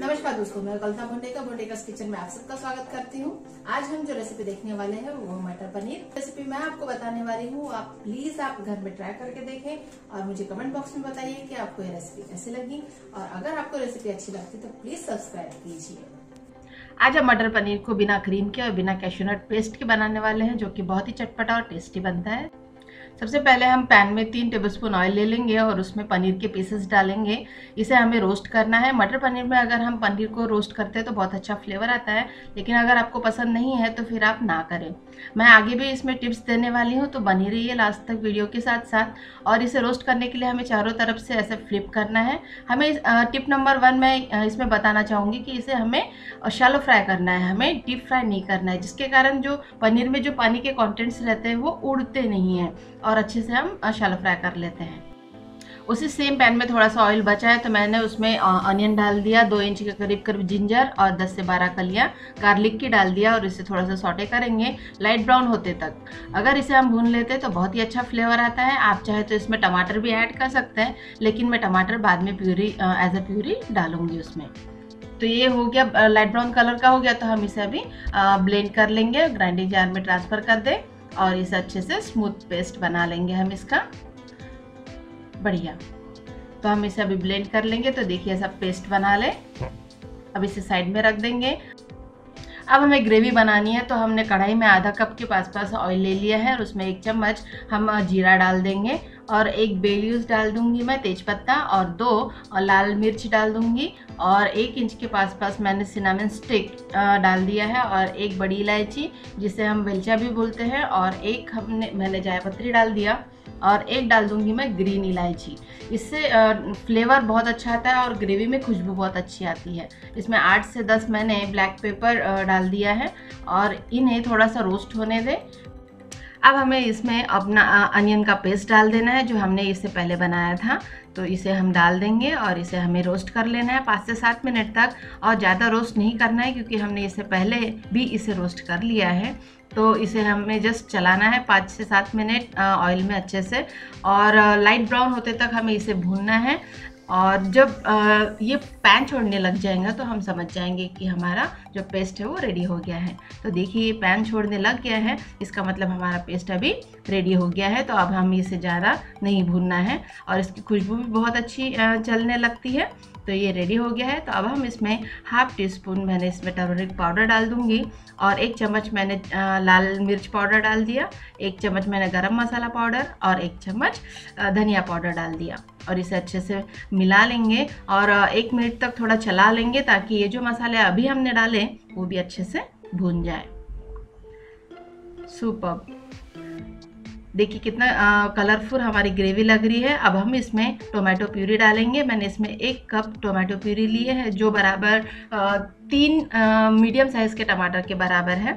नमस्कार दोस्तों मैं कल्पना भोंडेका भोंडेकास किचन में आप सबका स्वागत करती हूँ आज हम जो रेसिपी देखने वाले हैं वो मटर पनीर रेसिपी मैं आपको बताने वाली हूँ आप प्लीज आप घर में ट्राई करके देखें और मुझे कमेंट बॉक्स में बताइए कि आपको ये रेसिपी कैसी लगी और अगर आपको रेसिपी अच्छी लगती तो प्लीज सब्सक्राइब कीजिए आज हम मटर पनीर को बिना क्रीम के और बिना कैशोनट पेस्ट के बनाने वाले हैं जो कि बहुत ही चटपटा और टेस्टी बनता है सबसे पहले हम पैन में तीन टेबलस्पून ऑयल ले लेंगे और उसमें पनीर के पीसेस डालेंगे इसे हमें रोस्ट करना है मटर पनीर में अगर हम पनीर को रोस्ट करते हैं तो बहुत अच्छा फ्लेवर आता है लेकिन अगर आपको पसंद नहीं है तो फिर आप ना करें मैं आगे भी इसमें टिप्स देने वाली हूँ तो बनी रहिए लास्ट तक वीडियो के साथ साथ और इसे रोस्ट करने के लिए हमें चारों तरफ से ऐसे फ्लिप करना है हमें टिप नंबर वन मैं इसमें बताना चाहूँगी कि इसे हमें शालो फ्राई करना है हमें डीप फ्राई नहीं करना है जिसके कारण जो पनीर में जो पानी के कॉन्टेंट्स रहते हैं वो उड़ते नहीं हैं और अच्छे से हम शैलो फ्राई कर लेते हैं उसी सेम पैन में थोड़ा सा ऑयल बचा है तो मैंने उसमें अनियन डाल दिया दो इंच के करीब करीब जिंजर और 10 से 12 कलियाँ गार्लिक की डाल दिया और इसे थोड़ा सा सॉटे करेंगे लाइट ब्राउन होते तक अगर इसे हम भून लेते तो बहुत ही अच्छा फ्लेवर आता है आप चाहे तो इसमें टमाटर भी ऐड कर सकते हैं लेकिन मैं टमाटर बाद में प्यूरी एज अ प्यूरी डालूंगी उसमें तो ये हो गया लाइट ब्राउन कलर का हो गया तो हम इसे अभी ब्लेंड कर लेंगे ग्राइंडिंग जार में ट्रांसफ़र कर दें और इसे अच्छे से स्मूथ पेस्ट बना लेंगे हम इसका बढ़िया तो हम इसे अभी ब्लेंड कर लेंगे तो देखिए सब पेस्ट बना लें हाँ। अब इसे साइड में रख देंगे अब हमें ग्रेवी बनानी है तो हमने कढ़ाई में आधा कप के पास पास ऑयल ले लिया है और उसमें एक चम्मच हम जीरा डाल देंगे और एक बेलीव्स डाल दूंगी मैं तेज़पत्ता और दो और लाल मिर्च डाल दूंगी और एक इंच के पास पास मैंने सिनामिन स्टिक डाल दिया है और एक बड़ी इलायची जिसे हम वेलचा भी बोलते हैं और एक हमने मैंने जायपत्री डाल दिया और एक डाल दूंगी मैं ग्रीन इलायची इससे फ्लेवर बहुत अच्छा आता है और ग्रेवी में खुशबू बहुत अच्छी आती है इसमें आठ से दस मैंने ब्लैक पेपर डाल दिया है और इन्हें थोड़ा सा रोस्ट होने दें अब हमें इसमें अपना अनियन का पेस्ट डाल देना है जो हमने इससे पहले बनाया था तो इसे हम डाल देंगे और इसे हमें रोस्ट कर लेना है पाँच से सात मिनट तक और ज़्यादा रोस्ट नहीं करना है क्योंकि हमने इसे पहले भी इसे रोस्ट कर लिया है तो इसे हमें जस्ट चलाना है पाँच से सात मिनट ऑयल में अच्छे से और लाइट ब्राउन होते तक हमें इसे भूनना है और जब ये पैन छोड़ने लग जाएगा तो हम समझ जाएंगे कि हमारा जो पेस्ट है वो रेडी हो गया है तो देखिए ये पैन छोड़ने लग गया है इसका मतलब हमारा पेस्ट अभी रेडी हो गया है तो अब हम इसे ज़्यादा नहीं भूनना है और इसकी खुशबू भी बहुत अच्छी चलने लगती है तो ये रेडी हो गया है तो अब हम इसमें हाफ टी स्पून मैंने इसमें टर्मरिक पाउडर डाल दूँगी और एक चम्मच मैंने लाल मिर्च पाउडर डाल दिया एक चम्मच मैंने गरम मसाला पाउडर और एक चम्मच धनिया पाउडर डाल दिया और इसे अच्छे से मिला लेंगे और एक मिनट तक थोड़ा चला लेंगे ताकि ये जो मसाले अभी हमने डाले वो भी अच्छे से भून जाए सुपर देखिए कितना कलरफुल हमारी ग्रेवी लग रही है अब हम इसमें टोमेटो प्यूरी डालेंगे मैंने इसमें एक कप टोमेटो प्यूरी लिए है जो बराबर आ, तीन मीडियम साइज़ के टमाटर के बराबर है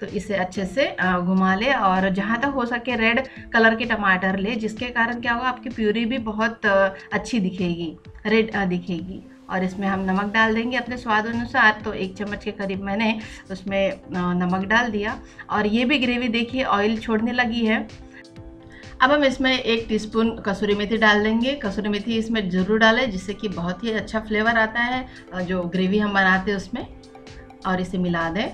तो इसे अच्छे से घुमा ले और जहाँ तक हो सके रेड कलर के टमाटर ले जिसके कारण क्या होगा आपकी प्यूरी भी बहुत अच्छी दिखेगी रेड दिखेगी और इसमें हम नमक डाल देंगे अपने स्वाद अनुसार तो एक चम्मच के करीब मैंने उसमें नमक डाल दिया और ये भी ग्रेवी देखिए ऑयल छोड़ने लगी है अब हम इसमें एक टीस्पून कसूरी मेथी डाल देंगे कसूरी मेथी इसमें ज़रूर डालें जिससे कि बहुत ही अच्छा फ्लेवर आता है जो ग्रेवी हम बनाते हैं उसमें और इसे मिला दें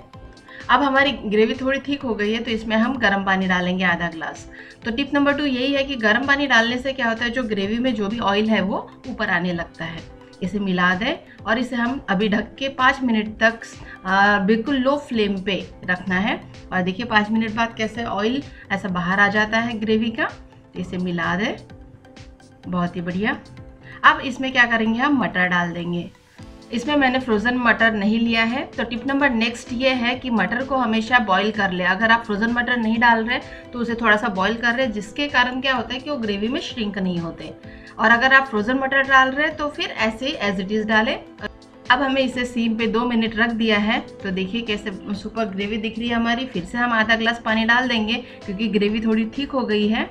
अब हमारी ग्रेवी थोड़ी ठीक हो गई है तो इसमें हम गर्म पानी डालेंगे आधा ग्लास तो टिप नंबर टू यही है कि गर्म पानी डालने से क्या होता है जो ग्रेवी में जो भी ऑयल है वो ऊपर आने लगता है इसे मिला दें और इसे हम अभी ढक के पाँच मिनट तक बिल्कुल लो फ्लेम पे रखना है और देखिए पाँच मिनट बाद कैसे ऑयल ऐसा बाहर आ जाता है ग्रेवी का तो इसे मिला दें बहुत ही बढ़िया अब इसमें क्या करेंगे हम मटर डाल देंगे इसमें मैंने फ्रोज़न मटर नहीं लिया है तो टिप नंबर नेक्स्ट ये है कि मटर को हमेशा बॉईल कर ले अगर आप फ्रोज़न मटर नहीं डाल रहे तो उसे थोड़ा सा बॉईल कर रहे जिसके कारण क्या होता है कि वो ग्रेवी में श्रिंक नहीं होते और अगर आप फ्रोज़न मटर डाल रहे तो फिर ऐसे ही एज इट इज़ डालें अब हमें इसे सीम पे दो मिनट रख दिया है तो देखिए कैसे सुपर ग्रेवी दिख रही है हमारी फिर से हम आधा ग्लास पानी डाल देंगे क्योंकि ग्रेवी थोड़ी ठीक हो गई है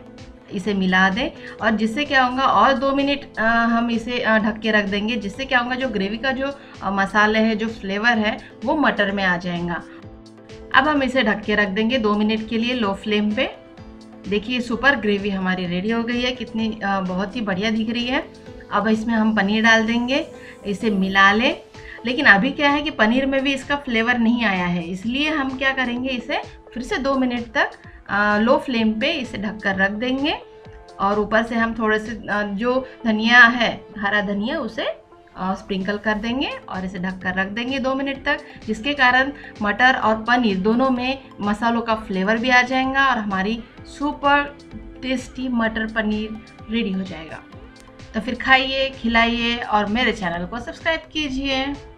इसे मिला दें और जिससे क्या होगा और दो मिनट हम इसे ढक के रख देंगे जिससे क्या होगा जो ग्रेवी का जो मसाले है जो फ्लेवर है वो मटर में आ जाएगा अब हम इसे ढक के रख देंगे दो मिनट के लिए लो फ्लेम पे देखिए सुपर ग्रेवी हमारी रेडी हो गई है कितनी बहुत ही बढ़िया दिख रही है अब इसमें हम पनीर डाल देंगे इसे मिला लें लेकिन अभी क्या है कि पनीर में भी इसका फ्लेवर नहीं आया है इसलिए हम क्या करेंगे इसे फिर से दो मिनट तक लो फ्लेम पे इसे ढककर रख देंगे और ऊपर से हम थोड़े से जो धनिया है हरा धनिया उसे स्प्रिंकल कर देंगे और इसे ढककर रख देंगे दो मिनट तक जिसके कारण मटर और पनीर दोनों में मसालों का फ्लेवर भी आ जाएगा और हमारी सुपर टेस्टी मटर पनीर रेडी हो जाएगा तो फिर खाइए खिलाइए और मेरे चैनल को सब्सक्राइब कीजिए